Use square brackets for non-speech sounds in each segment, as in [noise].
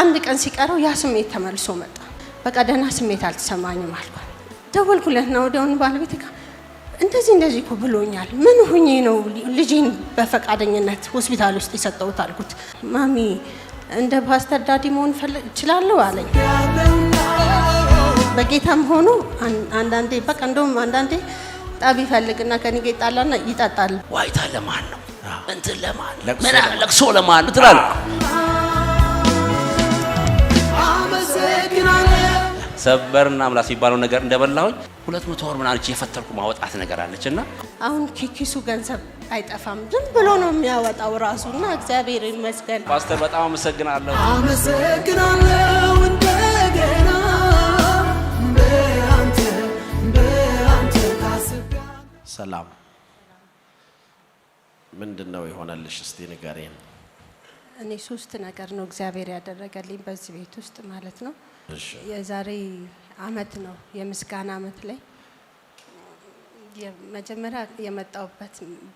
አንድ ቀን ሲቀረው ያ ስሜት ተመልሶ መጣ። በቃ ደህና ስሜት አልተሰማኝም አልኳት። ነው ወዲያውኑ ባለቤት ጋር እንደዚህ እንደዚህ እኮ ብሎኛል። ምን ሁኜ ነው ልጄን በፈቃደኝነት ሆስፒታል ውስጥ የሰጠሁት አልኩት። ማሚ እንደ ፓስተር ዳዲ መሆን እችላለሁ አለኝ። በጌታም ሆኖ አንዳንዴ በቃ እንደውም አንዳንዴ ጠብ ይፈልግና ከኔ ጋር ይጣላና ይጠጣል። ዋይታ ለማን ነው? እንትን ለማን ምናምን ለቅሶ ለማን ትላል። ሰበርና ምላስ የሚባለው ነገር እንደበላሁኝ ሁለት መቶ ወር ምናምን የፈተልኩ ማወጣት ነገር አለች እና አሁን ኪኪሱ ገንዘብ አይጠፋም፣ ዝም ብሎ ነው የሚያወጣው ራሱ እና እግዚአብሔር ይመስገን። ፓስተር በጣም አመሰግናለሁ። አመሰግናለሁ እንደገና ሰላም ምንድን ነው የሆነልሽ? እስቲ ንገሪን። እኔ ሶስት ነገር ነው እግዚአብሔር ያደረገልኝ በዚህ ቤት ውስጥ ማለት ነው። የዛሬ አመት ነው የምስጋና አመት ላይ መጀመሪያ የመጣሁበት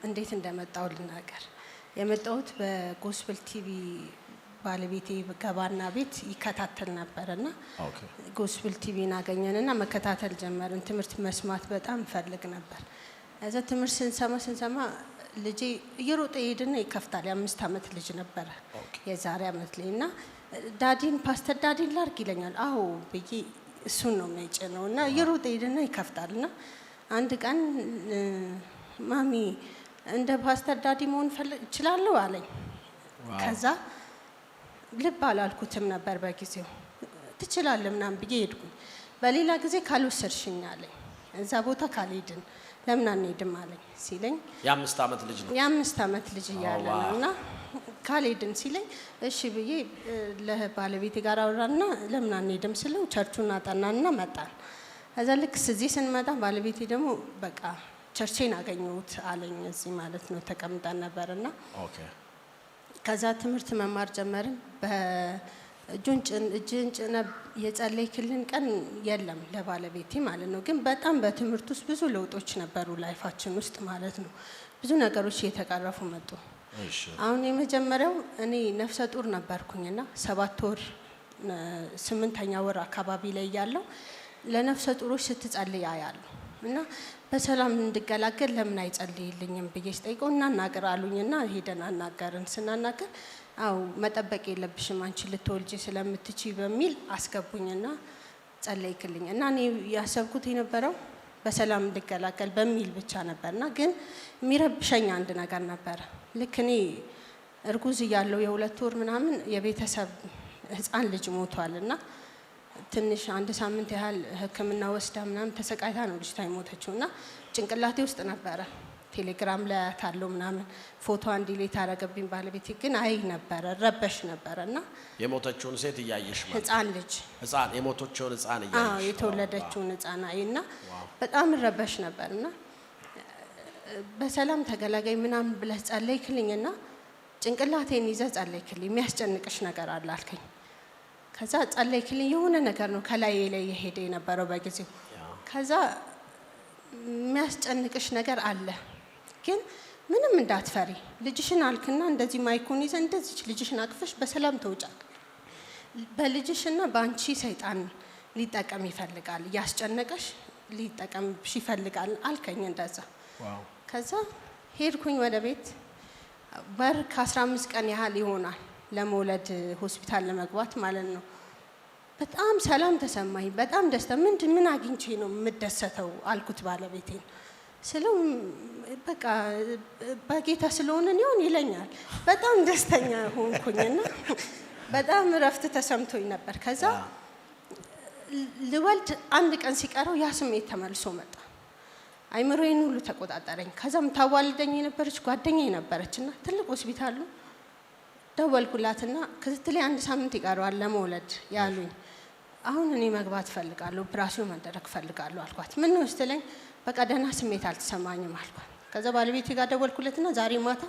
እንዴት እንደመጣሁ ልናገር። የመጣሁት በጎስፕል ቲቪ ባለቤቴ ገባና ቤት ይከታተል ነበር እና ጎስፕል ቲቪን አገኘንና መከታተል ጀመርን። ትምህርት መስማት በጣም ፈልግ ነበር። እዛ ትምህርት ስንሰማ ስንሰማ ልጄ እየሮጠ ይሄድና ይከፍታል። የአምስት ዓመት ልጅ ነበረ የዛሬ ዓመት ላይ እና ዳዲን ፓስተር ዳዲን ላርግ ይለኛል። አዎ ብዬ እሱን ነው መጭ ነው እና እየሮጠ ይሄድና ይከፍታል እና አንድ ቀን ማሚ እንደ ፓስተር ዳዲ መሆን እችላለሁ አለኝ። ከዛ ልብ አላልኩትም ነበር በጊዜው ትችላለህ ምናምን ብዬ ሄድኩኝ። በሌላ ጊዜ ካልወሰድሽኝ አለኝ እዛ ቦታ ካልሄድን ለምን አንሄድም አለኝ ሲለኝ የአምስት ዓመት ልጅ ነው የአምስት ዓመት ልጅ እያለ ነው እና ካልሄድም ሲለኝ እሺ ብዬ ለባለቤቴ ጋር አወራና ለምን አንሄድም ስለው ቸርቹን አጠናንና መጣን። ከዛ ልክ እዚህ ስንመጣ ባለቤቴ ደግሞ በቃ ቸርቼን አገኘሁት አለኝ። እዚህ ማለት ነው ተቀምጠን ነበር እና ከዛ ትምህርት መማር ጀመርን። እጅን ጭነ የጸለይክልን ቀን የለም ለባለቤቴ ማለት ነው። ግን በጣም በትምህርት ውስጥ ብዙ ለውጦች ነበሩ ላይፋችን ውስጥ ማለት ነው። ብዙ ነገሮች እየተቀረፉ መጡ። አሁን የመጀመሪያው እኔ ነፍሰ ጡር ነበርኩኝና ሰባት ወር ስምንተኛ ወር አካባቢ ላይ ያለው ለነፍሰ ጡሮች ስትጸልይ ያያሉ እና በሰላም እንድገላገል ለምን አይጸልይልኝም ብዬ ስጠይቀው እናናገር አሉኝና ሄደን አናገርን። ስናናገር አው መጠበቅ የለብሽም አንቺ ልትወልጂ ስለምትች በሚል አስገቡኝና ጸለይክልኝ እና እኔ ያሰብኩት የነበረው በሰላም እንድገላገል በሚል ብቻ ነበርና ግን የሚረብሸኝ አንድ ነገር ነበረ። ልክ እኔ እርጉዝ እያለው የሁለት ወር ምናምን የቤተሰብ ህፃን ልጅ ሞቷል እና ትንሽ አንድ ሳምንት ያህል ሕክምና ወስዳ ምናምን ተሰቃይታ ነው ልጅቷ የሞተችው እና ጭንቅላቴ ውስጥ ነበረ ቴሌግራም ላይ ምናምን ፎቶ አንድ አረገብኝ። ባለቤቴ ግን አይ ነበረ ረበሽ ነበረ እና የሞተችውን ሴት እያየሽ ህፃን ልጅ ህፃን የሞተችውን ህፃን እያየሽ የተወለደችውን ህፃን አይ እና በጣም ረበሽ ነበር እና በሰላም ተገላጋይ ምናምን ብለህ ጸለይክልኝ እና ጭንቅላቴን ይዘህ ጸለይክልኝ የሚያስጨንቅሽ ነገር አለ አልከኝ። ከዛ ጸለይክልኝ የሆነ ነገር ነው ከላይ ላይ የሄደ የነበረው በጊዜው ከዛ የሚያስጨንቅሽ ነገር አለ ግን ምንም እንዳትፈሪ ልጅሽን አልክና እንደዚህ ማይኮን ይዘ እንደዚች ልጅሽን አቅፈሽ በሰላም ተውጫል። በልጅሽና በአንቺ ሰይጣን ሊጠቀም ይፈልጋል፣ እያስጨነቀሽ ሊጠቀምሽ ይፈልጋል አልከኝ እንደዛ። ከዛ ሄድኩኝ ወደ ቤት። ወር ከ15 ቀን ያህል ይሆናል ለመውለድ ሆስፒታል ለመግባት ማለት ነው። በጣም ሰላም ተሰማኝ፣ በጣም ደስታ። ምንድን ምን አግኝቼ ነው የምደሰተው አልኩት ባለቤቴን። ስለው በቃ በጌታ ስለሆነ ይሆን ይለኛል። በጣም ደስተኛ ሆንኩኝና በጣም እረፍት ተሰምቶኝ ነበር። ከዛ ልወልድ አንድ ቀን ሲቀረው ያ ስሜት ተመልሶ መጣ። አይምሮዬን ሁሉ ተቆጣጠረኝ። ከዛም ታዋልደኝ የነበረች ጓደኛ ነበረች እና ትልቅ ሆስፒታሉ ደወልኩላትና ክትትል አንድ ሳምንት ይቀረዋል ለመውለድ ያሉኝ። አሁን እኔ መግባት ፈልጋለሁ፣ ኦፕራሲዮን መደረግ ፈልጋለሁ አልኳት። ምን ነው ስትለኝ በቃ ደህና ስሜት አልተሰማኝም አልኩ ከዛ ባለቤቴ ጋር ደወልኩለትና ዛሬ ማታ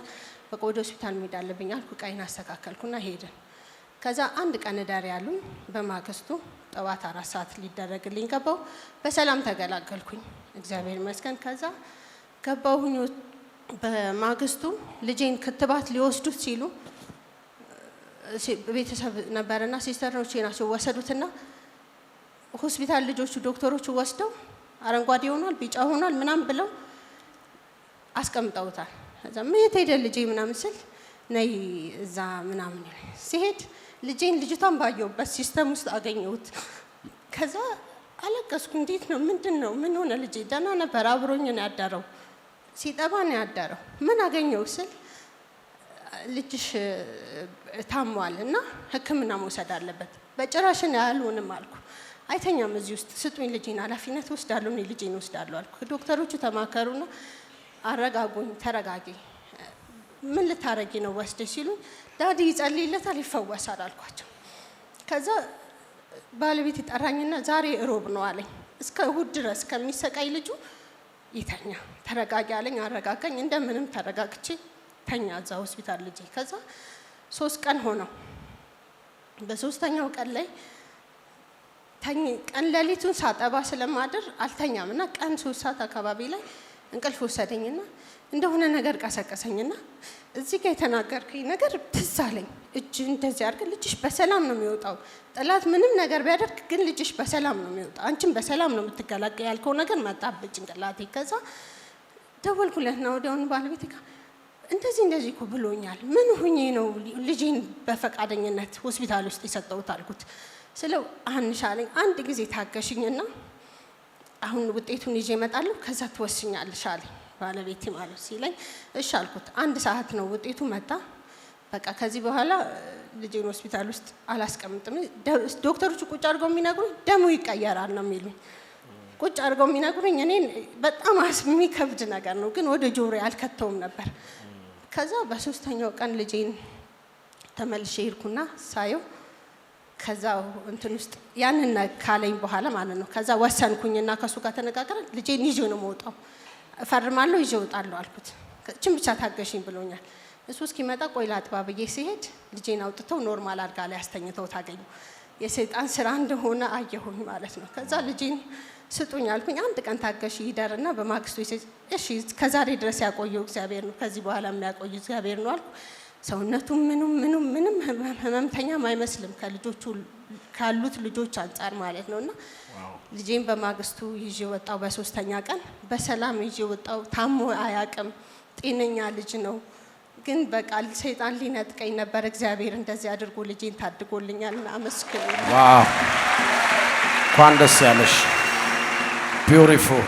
በቃ ወደ ሆስፒታል መሄድ አለብኝ አልኩ። ቃይን አስተካከልኩና ሄድን። ከዛ አንድ ቀን ዳር ያሉኝ በማግስቱ ጠዋት አራት ሰዓት ሊደረግልኝ ገባው። በሰላም ተገላገልኩኝ እግዚአብሔር ይመስገን። ከዛ ገባሁኝ። በማግስቱ ልጄን ክትባት ሊወስዱት ሲሉ ቤተሰብ ነበረና ሲስተሮቼ ናቸው ወሰዱትና ሆስፒታል ልጆቹ ዶክተሮቹ ወስደው አረንጓዴ ሆኗል፣ ቢጫ ሆኗል ምናምን ብለው አስቀምጠውታል። ከዛ የት ሄደ ልጄ ምናምን ስል ነይ እዛ ምናምን ሲሄድ ልጄን ልጅቷን ባየሁበት ሲስተም ውስጥ አገኘሁት። ከዛ አለቀስኩ። እንዴት ነው ምንድን ነው ምን ሆነ ልጄ? ደህና ነበር፣ አብሮኝ ነው ያደረው፣ ሲጠባ ነው ያደረው። ምን አገኘው ስል ልጅሽ ታሟል እና ሕክምና መውሰድ አለበት። በጭራሽን አልሆንም አልኩ። አይተኛም እዚህ ውስጥ ስጡኝ፣ ልጄን ኃላፊነት እወስዳለሁ፣ እኔ ልጄን እወስዳለሁ አልኩ። ዶክተሮቹ ተማከሩና አረጋጉኝ፣ ተረጋጊ፣ ምን ልታረጊ ነው ወስደ ሲሉ ዳዲ ይጸልይለታል ይፈወሳል አልኳቸው። ከዛ ባለቤት ይጠራኝና ዛሬ እሮብ ነው አለኝ። እስከ እሁድ ድረስ ከሚሰቃይ ልጁ ይተኛ ተረጋጊ አለኝ። አረጋጋኝ። እንደምንም ተረጋግቼ ተኛ እዛ ሆስፒታል ልጄ። ከዛ ሶስት ቀን ሆነው በሶስተኛው ቀን ላይ ቀን ሌሊቱን ሳጠባ ስለማድር አልተኛም እና ቀን ሶስት ሰዓት አካባቢ ላይ እንቅልፍ ወሰደኝና እንደሆነ ነገር ቀሰቀሰኝና እዚህ ጋር የተናገርከኝ ነገር ትዝ አለኝ። እጅ እንደዚህ አድርገን ልጅሽ በሰላም ነው የሚወጣው። ጠላት ምንም ነገር ቢያደርግ ግን ልጅሽ በሰላም ነው የሚወጣው። አንቺም በሰላም ነው የምትገላገይ ያልከው ነገር መጣብህ ጭንቅላቴ። ከዛ ደወልኩለትና ወዲያውኑ ባለቤቴ ጋር እንደዚህ እንደዚህ እኮ ብሎኛል። ምን ሁኜ ነው ልጄን በፈቃደኝነት ሆስፒታል ውስጥ የሰጠሁት አልኩት። ስለው አንሻለኝ አንድ ጊዜ ታገሽኝና አሁን ውጤቱን ይዤ እመጣለሁ ከዛ ትወስኛለሽ አለኝ ባለቤቴ ማለት ሲለኝ እሺ አልኩት። አንድ ሰዓት ነው ውጤቱ መጣ። በቃ ከዚህ በኋላ ልጅን ሆስፒታል ውስጥ አላስቀምጥም። ዶክተሮቹ ቁጭ አድርገው የሚነግሩኝ ደሙ ይቀየራል ነው የሚሉኝ። ቁጭ አድርገው የሚነግሩኝ እኔን በጣም የሚከብድ ነገር ነው፣ ግን ወደ ጆሮ አልከተውም ነበር። ከዛ በሶስተኛው ቀን ልጄን ተመልሼ ሄድኩና ሳየው ከዛ እንትን ውስጥ ያንን ካለኝ በኋላ ማለት ነው። ከዛ ወሰንኩኝና ከእሱ ጋር ተነጋግረን ልጄን ይዤ ነው መውጣው፣ እፈርማለሁ ይዤ እወጣለሁ አልኩት። እችን ብቻ ታገሽኝ ብሎኛል። እሱ እስኪመጣ ቆይ ላጥባ ብዬ ሲሄድ ልጄን አውጥተው ኖርማል አልጋ ላይ አስተኝተው ታገኙ። የሰይጣን ስራ እንደሆነ አየሁኝ ማለት ነው። ከዛ ልጄን ስጡኝ አልኩኝ። አንድ ቀን ታገሽ ይደርና በማግስቱ እሺ፣ ከዛሬ ድረስ ያቆየው እግዚአብሔር ነው፣ ከዚህ በኋላ የሚያቆዩ እግዚአብሔር ነው አልኩ። ሰውነቱም ምንም ምኑም ምንም ህመምተኛም አይመስልም ከልጆቹ ካሉት ልጆች አንጻር ማለት ነው። እና ልጄን በማግስቱ ይዤ ወጣው። በሶስተኛ ቀን በሰላም ይዤ ወጣው። ታሞ አያቅም። ጤነኛ ልጅ ነው። ግን በቃ ሰይጣን ሊነጥቀኝ ነበር። እግዚአብሔር እንደዚህ አድርጎ ልጄን ታድጎልኛል። አመስግኑ። እንኳን ደስ ያለሽ ቢዩቲፉል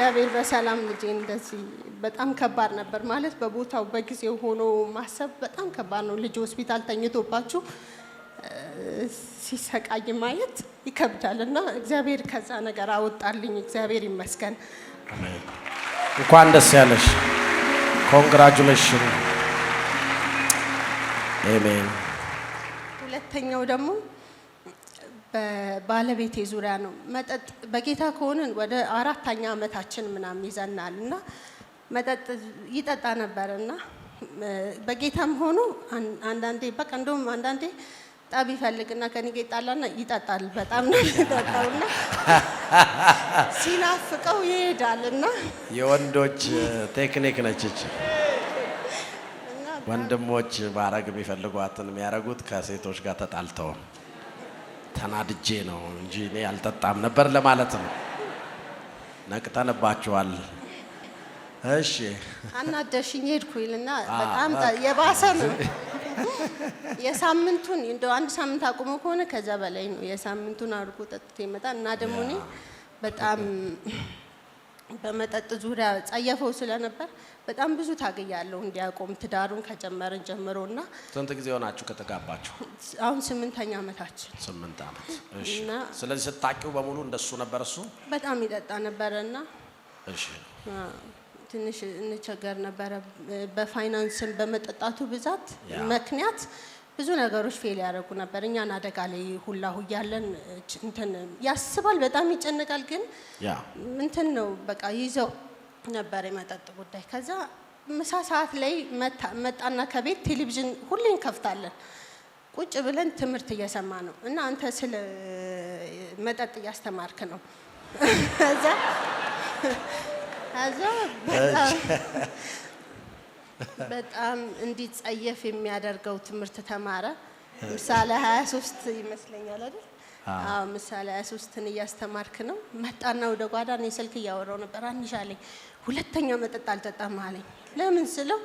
እግዚአብሔር በሰላም ልጄ እንደዚህ በጣም ከባድ ነበር ማለት በቦታው በጊዜው ሆኖ ማሰብ በጣም ከባድ ነው። ልጅ ሆስፒታል ተኝቶባችሁ ሲሰቃይ ማየት ይከብዳል እና እግዚአብሔር ከዛ ነገር አወጣልኝ። እግዚአብሔር ይመስገን። እንኳን ደስ ያለሽ። ኮንግራጁሌሽን። ሁለተኛው ደግሞ በባለቤቴ ዙሪያ ነው። መጠጥ በጌታ ከሆንን ወደ አራተኛ ዓመታችን ምናምን ይዘናል እና መጠጥ ይጠጣ ነበር እና በጌታም ሆኖ አንዳንዴ በቃ እንደውም አንዳንዴ ጠብ ይፈልግና ከኔ ጋር ይጣላና ይጠጣል። በጣም ነው የሚጠጣውና ሲናፍቀው ይሄዳል እና የወንዶች ቴክኒክ ነችች። ወንድሞች ማረግ የሚፈልጓትን የሚያረጉት ከሴቶች ጋር ተጣልተው ተናድጄ ነው እንጂ እኔ አልጠጣም ነበር ለማለት ነው። ነቅተንባችኋል። እሺ አናደሽኝ ሄድኩ ይልና በጣም የባሰ ነው። የሳምንቱን እንደ አንድ ሳምንት አቁሞ ከሆነ ከዛ በላይ ነው። የሳምንቱን አድርጎ ጠጥቶ ይመጣል እና ደግሞ እኔ በጣም በመጠጥ ዙሪያ ጸየፈው ስለነበር በጣም ብዙ ታግያለሁ እንዲያቆም ትዳሩን ከጀመርን ጀምሮ እና ስንት ጊዜ ሆናችሁ ከተጋባችሁ? አሁን ስምንተኛ ዓመታችን። ስምንት ዓመት። ስለዚህ ስታቂው በሙሉ እንደሱ ነበር። እሱ በጣም ይጠጣ ነበረ እና ትንሽ እንቸገር ነበረ በፋይናንስን በመጠጣቱ ብዛት ምክንያት ብዙ ነገሮች ፌል ያደረጉ ነበር። እኛን አደጋ ላይ ሁላ ሁያለን እንትን ያስባል፣ በጣም ይጨነቃል። ግን እንትን ነው በቃ ይዘው ነበር የመጠጥ ጉዳይ። ከዛ ምሳ ሰዓት ላይ መጣና ከቤት ቴሌቪዥን ሁሌ እንከፍታለን ቁጭ ብለን ትምህርት እየሰማ ነው እና አንተ ስለ መጠጥ እያስተማርክ ነው። [laughs] ከዛ በጣም እንዲጸየፍ የሚያደርገው ትምህርት ተማረ። ምሳሌ 23 ይመስለኛል አይደል? አዎ፣ ምሳሌ 23ን እያስተማርክ ነው። መጣና ወደ ጓዳ እኔ ስልክ እያወራው ነበር። አንሽ አለኝ፣ ሁለተኛ መጠጥ አልጠጣም አለኝ። ለምን ስለው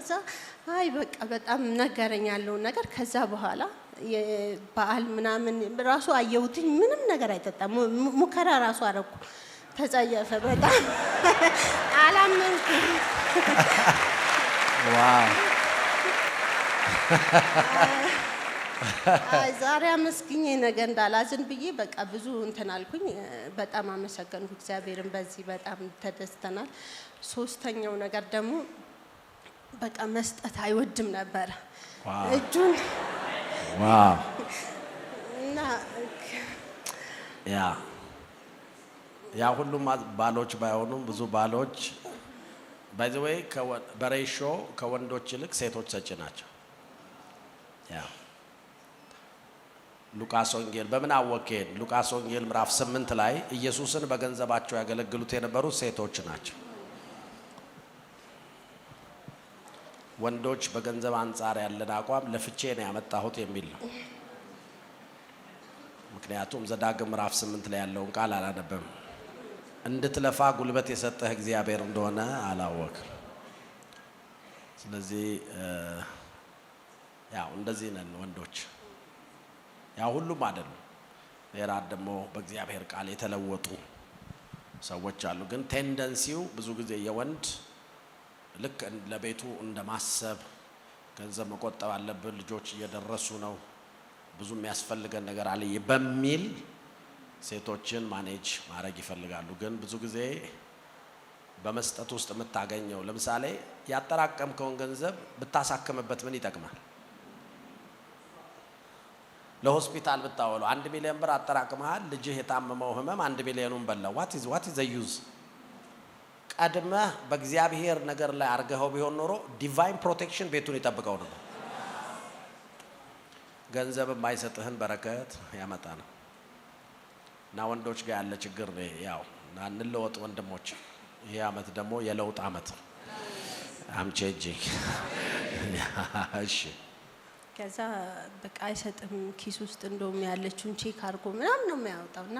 እዛ አይ በቃ በጣም ነገረኝ ያለውን ነገር። ከዛ በኋላ በዓል ምናምን ራሱ አየሁትኝ፣ ምንም ነገር አይጠጣም። ሙከራ ራሱ አረኩ፣ ተጸየፈ በጣም አላመንኩም። [laughs] ዛሬ አመስግኜ ነገ እንዳላዝን ብዬ በቃ ብዙ እንትን አልኩኝ። በጣም አመሰገንኩ እግዚአብሔርን። በዚህ በጣም ተደስተናል። ሶስተኛው ነገር ደግሞ በቃ መስጠት አይወድም ነበረ እጁን እና ያ ሁሉም ባሎች ባይሆኑም ብዙ ባሎች ባይዘወይ በሬሾ ከወንዶች ይልቅ ሴቶች ሰጭ ናቸው። ሉቃስ ወንጌል በምን አወቅን? ሉቃስ ወንጌል ምዕራፍ ስምንት ላይ ኢየሱስን በገንዘባቸው ያገለግሉት የነበሩት ሴቶች ናቸው። ወንዶች በገንዘብ አንጻር ያለን አቋም ለፍቼ ነው ያመጣሁት የሚል ነው። ምክንያቱም ዘዳግም ምዕራፍ ስምንት ላይ ያለውን ቃል አላነበብም። እንድትለፋ ጉልበት የሰጠህ እግዚአብሔር እንደሆነ አላወቅም። ስለዚህ ያው እንደዚህ ነን ወንዶች። ያው ሁሉም አይደሉም። ሌራት ደግሞ በእግዚአብሔር ቃል የተለወጡ ሰዎች አሉ። ግን ቴንደንሲው ብዙ ጊዜ የወንድ ልክ ለቤቱ እንደ ማሰብ ገንዘብ መቆጠብ አለብን፣ ልጆች እየደረሱ ነው፣ ብዙ የሚያስፈልገን ነገር አለ በሚል ሴቶችን ማኔጅ ማድረግ ይፈልጋሉ። ግን ብዙ ጊዜ በመስጠት ውስጥ የምታገኘው ለምሳሌ ያጠራቀምከውን ገንዘብ ብታሳክምበት ምን ይጠቅማል? ለሆስፒታል ብታወለው አንድ ሚሊዮን ብር አጠራቅመሃል። ልጅህ የታመመው ህመም አንድ ሚሊዮኑን በላው። ዋት ኢዝ ዋት ኢዝ ዩዝ ቀድመህ በእግዚአብሔር ነገር ላይ አርገኸው ቢሆን ኖሮ ዲቫይን ፕሮቴክሽን ቤቱን ይጠብቀው ነበር። ገንዘብ የማይሰጥህን በረከት ያመጣ ነው። እና ወንዶች ጋር ያለ ችግር ነው። ያው እና እንለወጥ ወንድሞች። ይሄ አመት ደግሞ የለውጥ አመት አምቼጂ እጅ እሺ ከዛ በቃ አይሰጥም ኪስ ውስጥ እንደውም ያለችውን ቼክ አድርጎ ምናምን ነው የሚያወጣው። እና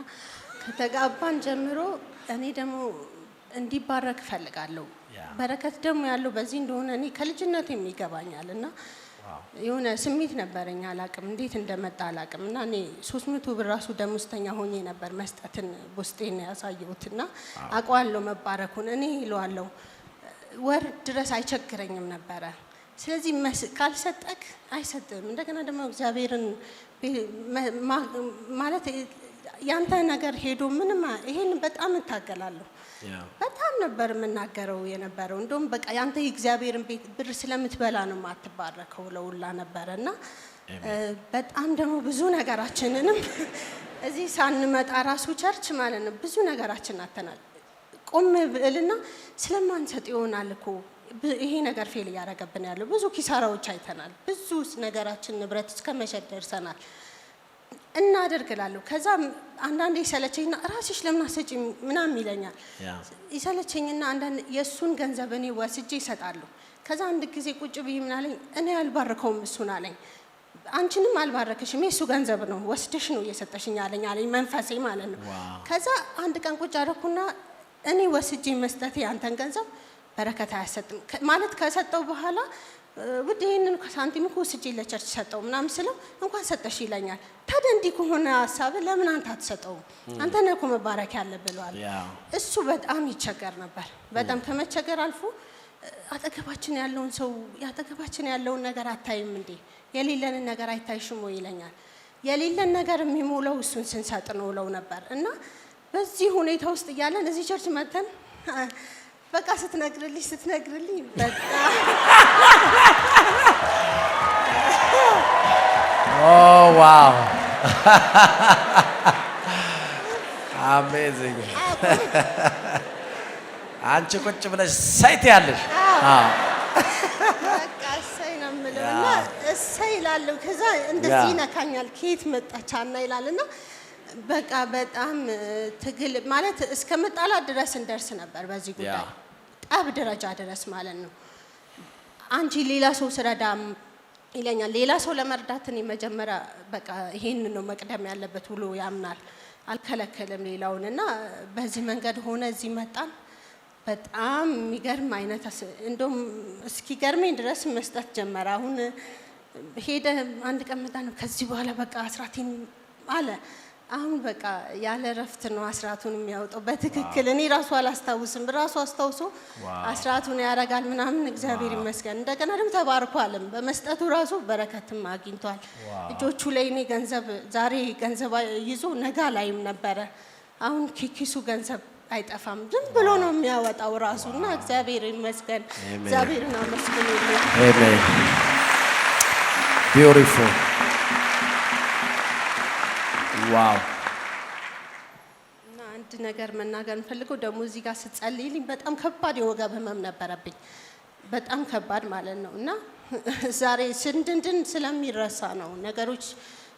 ከተጋባን ጀምሮ እኔ ደግሞ እንዲባረክ እፈልጋለሁ። በረከት ደግሞ ያለው በዚህ እንደሆነ እኔ ከልጅነቴም የሚገባኛል እና የሆነ ስሜት ነበረኝ። አላቅም እንዴት እንደመጣ አላቅም። እና እኔ ሶስት መቶ ብር ራሱ ደሞዝተኛ ሆኜ ነበር መስጠትን ውስጤን ያሳየሁት እና አውቀዋለሁ መባረኩን። እኔ ይለዋለሁ ወር ድረስ አይቸግረኝም ነበረ። ስለዚህ ካልሰጠክ አይሰጥም። እንደገና ደግሞ እግዚአብሔርን ማለት ያንተ ነገር ሄዶ ምንም ይሄን በጣም እታገላለሁ። በጣም ነበር የምናገረው የነበረው። እንደውም በቃ ያንተ የእግዚአብሔርን ቤት ብር ስለምትበላ ነው የማትባረከው ለውላ ነበረ እና በጣም ደግሞ ብዙ ነገራችንንም [laughs] እዚህ ሳንመጣ ራሱ ቸርች ማለት ነው ብዙ ነገራችን አተናል። ቆም ብልና ስለማንሰጥ ይሆናል እኮ ይሄ ነገር ፌል እያደረገብን ያለው ብዙ ኪሳራዎች አይተናል። ብዙ ነገራችን ንብረት እስከ መሸጥ ደርሰናል። እናደርግላለሁ እላለሁ። ከዛ አንዳንዴ ይሰለቸኝና ራስሽ ለምን አሰጪ ምናምን ይለኛል። ይሰለቸኝና አንዳንድ የእሱን ገንዘብ እኔ ወስጄ ይሰጣለሁ። ከዛ አንድ ጊዜ ቁጭ ብዬ ምን አለኝ፣ እኔ አልባርከውም እሱን አለኝ። አንቺንም አልባረክሽም የእሱ ገንዘብ ነው ወስደሽ ነው እየሰጠሽኝ አለኝ አለኝ መንፈሴ ማለት ነው። ከዛ አንድ ቀን ቁጭ አደረኩና እኔ ወስጄ መስጠቴ አንተን ገንዘብ በረከት አያሰጥም ማለት ከሰጠው በኋላ ውድ ይህንን ሳንቲም እኮ ወስጄ ለቸርች ሰጠው ምናምን ስለው እንኳን ሰጠሽ ይለኛል። ታዲያ እንዲህ ከሆነ ሀሳብ ለምን አንተ አትሰጠውም? አንተ ነህ እኮ መባረክ ያለ ብለዋል። እሱ በጣም ይቸገር ነበር። በጣም ከመቸገር አልፎ አጠገባችን ያለውን ሰው አጠገባችን ያለውን ነገር አታይም እንዴ? የሌለንን ነገር አይታይሽም ወይ ይለኛል። የሌለን ነገር የሚሞላው እሱን ስንሰጥ ነው እለው ነበር እና በዚህ ሁኔታ ውስጥ እያለን እዚህ ቸርች መተን በቃ ስትነግርልኝ ስትነግርልኝ በጣም አሜዚንግ። oh, አንቺ ቁጭ ብለሽ ሳይት ያለሽ እሰይ ነው የምለው እና እሰይ እላለሁ። ከዛ እንደዚህ ይነካኛል። ከየት መጣች አና ይላል እና በቃ በጣም ትግል ማለት እስከ መጣላት ድረስ እንደርስ ነበር በዚህ ጉዳይ አብ ደረጃ ድረስ ማለት ነው። አንቺ ሌላ ሰው ስረዳ ይለኛል። ሌላ ሰው ለመርዳት እኔ መጀመሪያ በቃ ይሄን ነው መቅደም ያለበት ብሎ ያምናል። አልከለከልም ሌላውን እና በዚህ መንገድ ሆነ እዚህ መጣን። በጣም የሚገርም አይነት እንደም እስኪገርመኝ ድረስ መስጠት ጀመረ። አሁን ሄደ አንድ ቀን መጣ ነው ከዚህ በኋላ በቃ አስራቴን አለ አሁን በቃ ያለ ረፍት ነው አስራቱን የሚያወጣው። በትክክል እኔ ራሱ አላስታውስም፣ ራሱ አስታውሶ አስራቱን ያደርጋል ምናምን። እግዚአብሔር ይመስገን። እንደገና ደግሞ ተባርኳልም በመስጠቱ ራሱ በረከትም አግኝቷል። እጆቹ ላይ እኔ ገንዘብ ዛሬ ገንዘብ ይዞ ነጋ ላይም ነበረ። አሁን ኪኪሱ ገንዘብ አይጠፋም፣ ዝም ብሎ ነው የሚያወጣው ራሱ እና እግዚአብሔር ይመስገን። እግዚአብሔርን አመስግኑ። ቢዩቲፉል ዋው እና አንድ ነገር መናገር የምፈልገው ደግሞ እዚህ ጋር ስጸልይልኝ በጣም ከባድ የወገብ ህመም ነበረብኝ። በጣም ከባድ ማለት ነው እና [laughs] ዛሬ ስንድንድን ስለሚረሳ ነው ነገሮች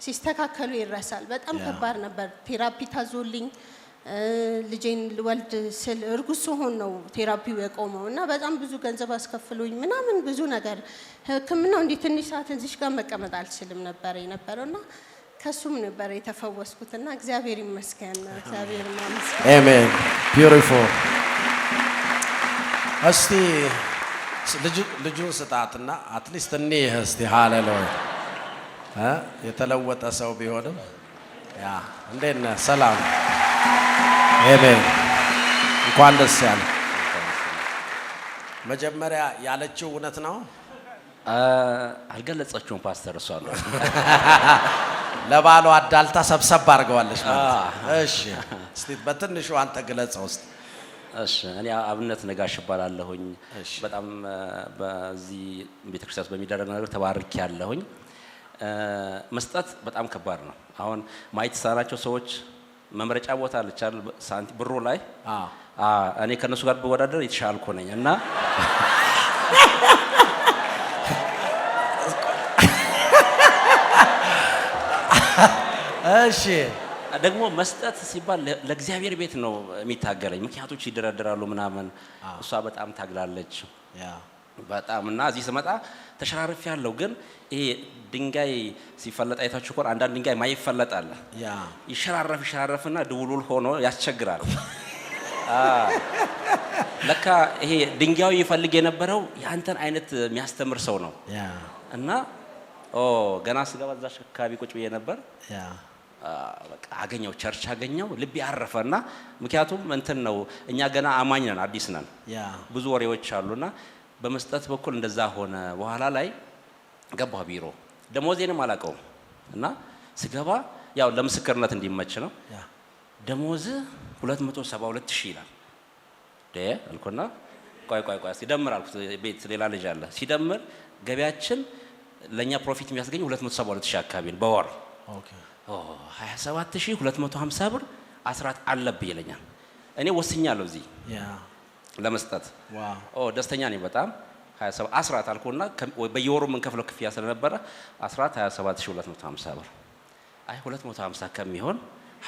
ሲስተካከሉ ይረሳል። በጣም ከባድ ነበር። ቴራፒ ታዞልኝ ልጄን ልወልድ ስል እርጉዝ ስሆን ነው ቴራፒው የቆመው እና በጣም ብዙ ገንዘብ አስከፍሎኝ ምናምን ብዙ ነገር ህክምናው እንዲህ ትንሽ ሰዓት እዚሽ ጋር መቀመጥ አልችልም ነበር የነበረው እና ከሱም ነበር የተፈወስኩት እና እግዚአብሔር ይመስገን። እግዚአብሔር አሜን። ቢዩቲፉል። እስቲ ልጁን ስጣትና አትሊስት እኒህ እስቲ ሃሌሉያ የተለወጠ ሰው ቢሆንም ያ እንዴት ነህ? ሰላም። አሜን። እንኳን ደስ ያለ። መጀመሪያ ያለችው እውነት ነው። አልገለጸችውም ፓስተር እሷ [laughs] ለባሉ አዳልታ ሰብሰብ አድርገዋለች ማለት እሺ እስቲ በትንሹ አንተ ግለጸው ውስጥ እሺ እኔ አብነት ነጋሽ እባላለሁኝ። በጣም በዚህ ቤተክርስቲያን በሚደረግ ነገር ተባርክ ያለሁኝ። መስጠት በጣም ከባድ ነው። አሁን ማየት የተሳናቸው ሰዎች መምረጫ ቦታ አልቻል ሳንቲ ብሩ ላይ እኔ ከእነሱ ጋር ብወዳደር የተሻልኩ ነኝ እና [laughs] እሺ ደግሞ መስጠት ሲባል ለእግዚአብሔር ቤት ነው የሚታገለኝ። ምክንያቶች ይደረደራሉ ምናምን። እሷ በጣም ታግላለች በጣም እና እዚህ ስመጣ ተሸራርፍ ያለው ግን ይሄ ድንጋይ ሲፈለጥ አይታችሁ እኮ አንዳንድ ድንጋይ ማይፈለጣል ይሸራረፍ ይሸራረፍና ድውሉል ሆኖ ያስቸግራል። ለካ ይሄ ድንጋዩ ይፈልግ የነበረው የአንተን አይነት የሚያስተምር ሰው ነው እና ገና ስገባ እዛ አካባቢ ቁጭ ብዬ ነበር አገኘው ቸርች አገኘው ልብ ያረፈና እና ምክንያቱም እንትን ነው እኛ ገና አማኝ ነን አዲስ ነን ብዙ ወሬዎች አሉና በመስጠት በኩል እንደዛ ሆነ በኋላ ላይ ገባ ቢሮ ደሞዜንም አላውቀውም እና ስገባ ያው ለምስክርነት እንዲመች ነው ደሞዝ 272 ሺህ ይላል አልኩና ቋይ ሲደምር አልኩት ቤት ሌላ ልጅ አለ ሲደምር ገቢያችን ለእኛ ፕሮፊት የሚያስገኝ 272 ሺህ አካባቢ በወር 27250 ብር አስራት አለብህ ይለኛል። እኔ ወስኛለሁ እዚህ ለመስጠት ደስተኛ ነኝ በጣም አስራት አልኩና በየወሩ የምንከፍለው ክፍያ ስለነበረ አስራት 27250 ብር አይ 250 ከሚሆን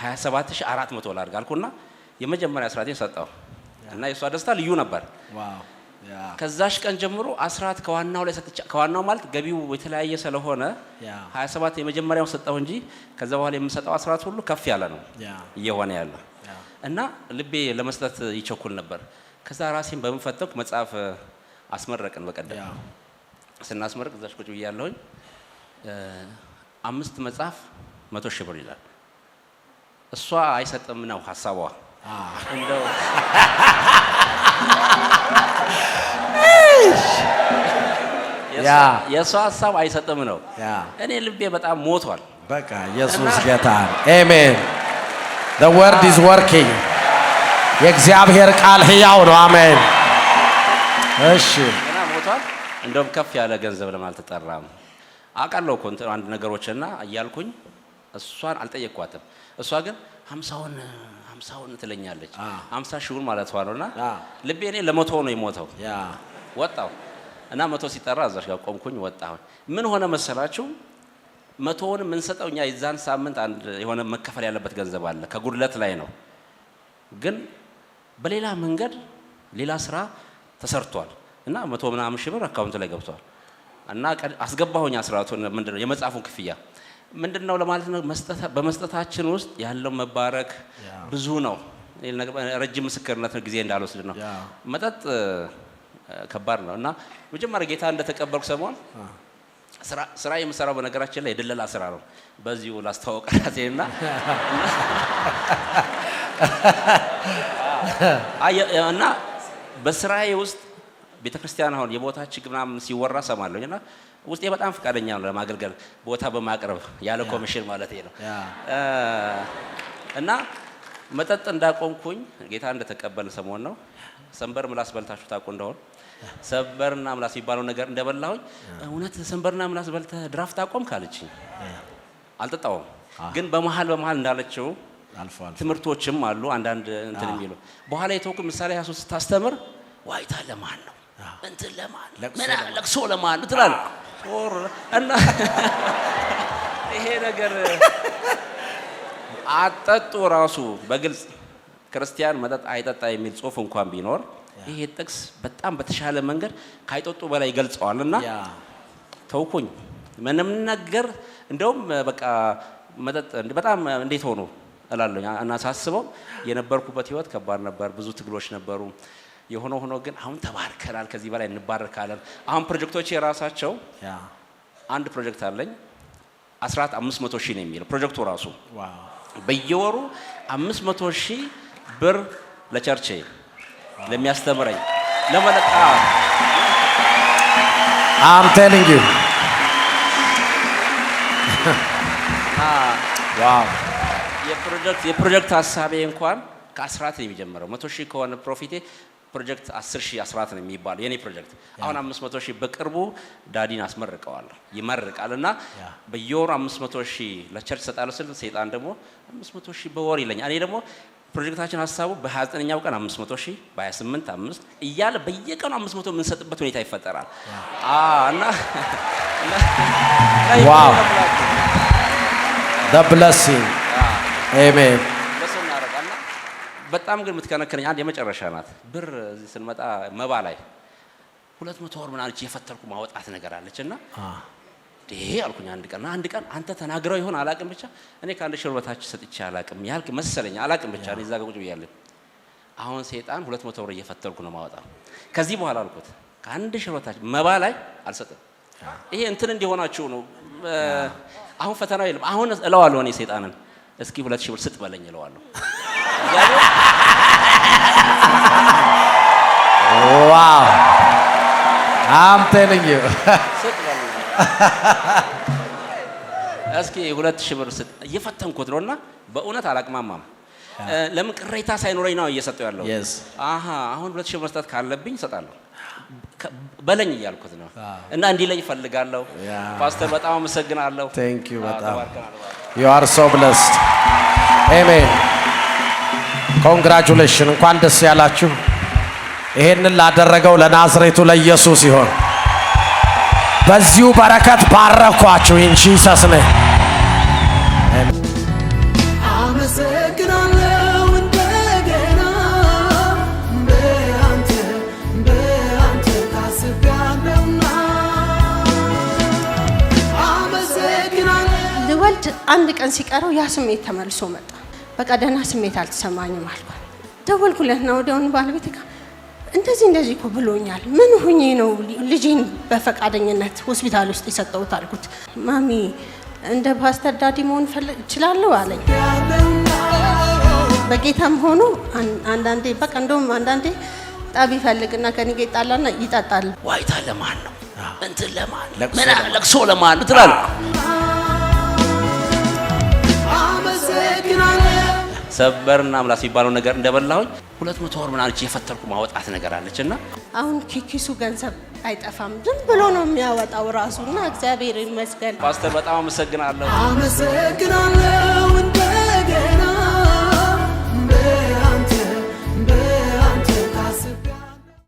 27400 ላድርግ አልኩና የመጀመሪያ አስራቴን ሰጠው እና የእሷ ደስታ ልዩ ነበር። ከዛሽ ቀን ጀምሮ አስራት ከዋናው ላይ ሰጥቻ ከዋናው ማለት ገቢው የተለያየ ስለሆነ 27 የመጀመሪያው ሰጠው እንጂ ከዛ በኋላ የምሰጠው አስራት ሁሉ ከፍ ያለ ነው እየሆነ ያለ እና ልቤ ለመስጠት ይቸኩል ነበር። ከዛ ራሴን በምፈተኩ መጽሐፍ አስመረቅን። በቀደም ስናስመረቅ እዛሽ ቁጭ ብያለሁኝ። አምስት መጽሐፍ መቶ ሺህ ብር ይላል። እሷ አይሰጥም ነው ሀሳቧ እንደው [laughs] የእሱ ሀሳብ አይሰጥም ነው። እኔ ልቤ በጣም ሞቷል። በቃ ኢየሱስ ጌታ አሜን። ዘ ወርድ ኢዝ ወርኪንግ። የእግዚአብሔር ቃል ህያው ነው። አሜን። እሺ ሞቷል። እንደውም ከፍ ያለ ገንዘብ ለማለት ተጠራም አውቃለሁ እኮ አንድ ነገሮችና እያልኩኝ እሷን አልጠየቅኳትም። እሷ ግን ሀምሳውን አምሳውን ትለኛለች። አምሳ ሺውን ማለት ነው እና ልቤ እኔ ለመቶ ነው የሞተው ወጣው እና መቶ ሲጠራ እዛሽ ጋር ቆምኩኝ ወጣሁ። ምን ሆነ መሰላችሁ? መቶውን የምንሰጠው እኛ የዛን ሳምንት አንድ የሆነ መከፈል ያለበት ገንዘብ አለ። ከጉድለት ላይ ነው፣ ግን በሌላ መንገድ ሌላ ስራ ተሰርቷል እና መቶ ምናምን ሺህ ብር አካውንት ላይ ገብቷል እና አስገባሁኝ አስራቱን ምንድነው የመጽሐፉን ክፍያ ምንድን ነው ለማለት ነው። በመስጠታችን ውስጥ ያለው መባረክ ብዙ ነው። ረጅም ምስክርነት ጊዜ እንዳልወስድ ነው። መጠጥ ከባድ ነው እና መጀመሪያ ጌታ እንደተቀበልኩ ሰሞን ስራ የምሰራው በነገራችን ላይ የደለላ ስራ ነው። በዚሁ ላስተዋወቅ ራሴና [laughs] እና በስራዬ ውስጥ ቤተክርስቲያን አሁን የቦታ ችግር ምናምን ሲወራ ሰማለሁ እና ውስጤ በጣም ፈቃደኛ ነው ለማገልገል ቦታ በማቅረብ ያለ ኮሚሽን ማለት ነው። እና መጠጥ እንዳቆምኩኝ ጌታ እንደተቀበል ሰሞን ነው። ሰንበር ምላስ በልታችሁ ታውቁ እንደሆን ሰንበርና ምላስ የሚባለው ነገር እንደበላሁኝ እውነት ሰንበርና ምላስ በልተ ድራፍት አቆም ካለች አልጠጣውም። ግን በመሀል በመሀል እንዳለችው ትምህርቶችም አሉ አንዳንድ እንትን የሚሉ በኋላ የተውኩ ምሳሌ ሶስት ስታስተምር ዋይታ ለማን ነው እንትን ለማለት ለቅሶ እና [laughs] ይሄ ነገር አጠጡ ራሱ በግልጽ ክርስቲያን መጠጥ አይጠጣ የሚል ጽሁፍ እንኳን ቢኖር ይሄ ጥቅስ በጣም በተሻለ መንገድ ካይጠጡ በላይ ይገልጸዋል። እና ተውኩኝ ምንም ነገር እንደውም በቃ መጠጥ በጣም እንዴት ሆኖ እላለሁ እና ሳስበው የነበርኩበት ህይወት ከባድ ነበር። ብዙ ትግሎች ነበሩ። የሆነ ሆኖ ግን አሁን ተባርከናል። ከዚህ በላይ እንባረካለን። አሁን ፕሮጀክቶች የራሳቸው አንድ ፕሮጀክት አለኝ አስራት አምስት መቶ ሺህ ነው የሚለው ፕሮጀክቱ ራሱ በየወሩ አምስት መቶ ሺህ ብር ለቸርቼ ለሚያስተምረኝ ለመለቃ አም ቴሊንግ ዩ የፕሮጀክት ሀሳቤ እንኳን ከአስራት ነው የሚጀምረው። መቶ ሺህ ከሆነ ፕሮፊቴ ፕሮጀክት 10 ሺህ አስራት ነው የሚባለው የኔ ፕሮጀክት አሁን 500 ሺህ በቅርቡ ዳዲን አስመርቀዋል ይመርቃል እና በየወሩ 500 ሺህ ለቸርች ሰጣለ ስል ሰይጣን ደግሞ 500 ሺህ በወር ይለኛል። እኔ ደግሞ ፕሮጀክታችን ሀሳቡ በ29ኛው ቀን 500 ሺህ በ28 5 እያለ በየቀኑ 500 የምንሰጥበት ሁኔታ ይፈጠራል እና ዋው ዘ ብለሲንግ አሜን በጣም ግን የምትከነክነኝ አንድ የመጨረሻ ናት። ብር እዚህ ስንመጣ መባ ላይ ሁለት መቶ ወር ምናምን የፈተልኩ ማወጣት ነገር አለች እና ይሄ አልኩኝ አንድ ቀን አንድ ቀን አንተ ተናግረው ይሆን አላቅም፣ ብቻ እኔ ከአንድ ሺህ ብር በታች ሰጥቼ አላቅም ያልክ መሰለኝ አላቅም፣ ብቻ እኔ እዛ ጋር ቁጭ ብያለሁ። አሁን ሴጣን ሁለት መቶ ብር እየፈተልኩ ነው ማወጣ። ከዚህ በኋላ አልኩት ከአንድ ሺህ ብር በታች መባ ላይ አልሰጥም። ይሄ እንትን እንዲሆናችሁ ነው። አሁን ፈተናው የለም። አሁን እለዋለሁ እኔ ሴጣንን እስኪ ሁለት ሺህ ብር ስጥ በለኝ እለዋለሁ። Wow. I'm telling you. እስኪ ሁለት ሺህ ብር ስጥ። እየፈተንኩት ነው እና በእውነት አላቅማማም። ለምን ቅሬታ ሳይኖረኝ ነው እየሰጠው ያለው። አሁን ሁለት ሺህ ብር መስጠት ካለብኝ እሰጣለሁ በለኝ እያልኩት ነው እና እንዲለኝ እፈልጋለሁ። ፓስተር በጣም አመሰግናለሁ። ቴንክ ዩ በጣም አር ሶ ብለስድ አሜን። ኮንግራጁሌሽን እንኳን ደስ ያላችሁ። ይሄንን ላደረገው ለናዝሬቱ ለኢየሱስ ይሆን። በዚሁ በረከት ባረኳችሁ። ኢን ጂሰስ ኔም ልወልድ አንድ ቀን ሲቀረው ያ ስሜት ተመልሶ መጣ። በቃ ደህና ስሜት አልተሰማኝም አልኩ። ደወልኩለት ነው ወዲያውኑ ባለቤቴ ጋር እንደዚህ እንደዚህ እኮ ብሎኛል። ምን ሁኜ ነው ልጄን በፈቃደኝነት ሆስፒታል ውስጥ የሰጠሁት አልኩት። ማሚ እንደ ፓስተር ዳዲ መሆን እችላለሁ አለኝ። በጌታም ሆኖ አንዳንዴ በቃ እንደውም አንዳንዴ ጣቢ ይፈልግና ከኔ ጋር ይጣላና ይጠጣል። ዋይታ ለማን ነው እንትን ለማን ምናምን ለቅሶ ለማን ነው ትላለህ። አመሰግናለሁ ሰበርና ምላስ የሚባለው ነገር እንደበላሁኝ ሁለት መቶ ወር ምናምን የፈተርኩ ማወጣት ነገር አለች እና አሁን ኪኪሱ ገንዘብ አይጠፋም፣ ዝም ብሎ ነው የሚያወጣው ራሱና እግዚአብሔር ይመስገን። ፓስተር በጣም አመሰግናለሁ። አመሰግናለሁ።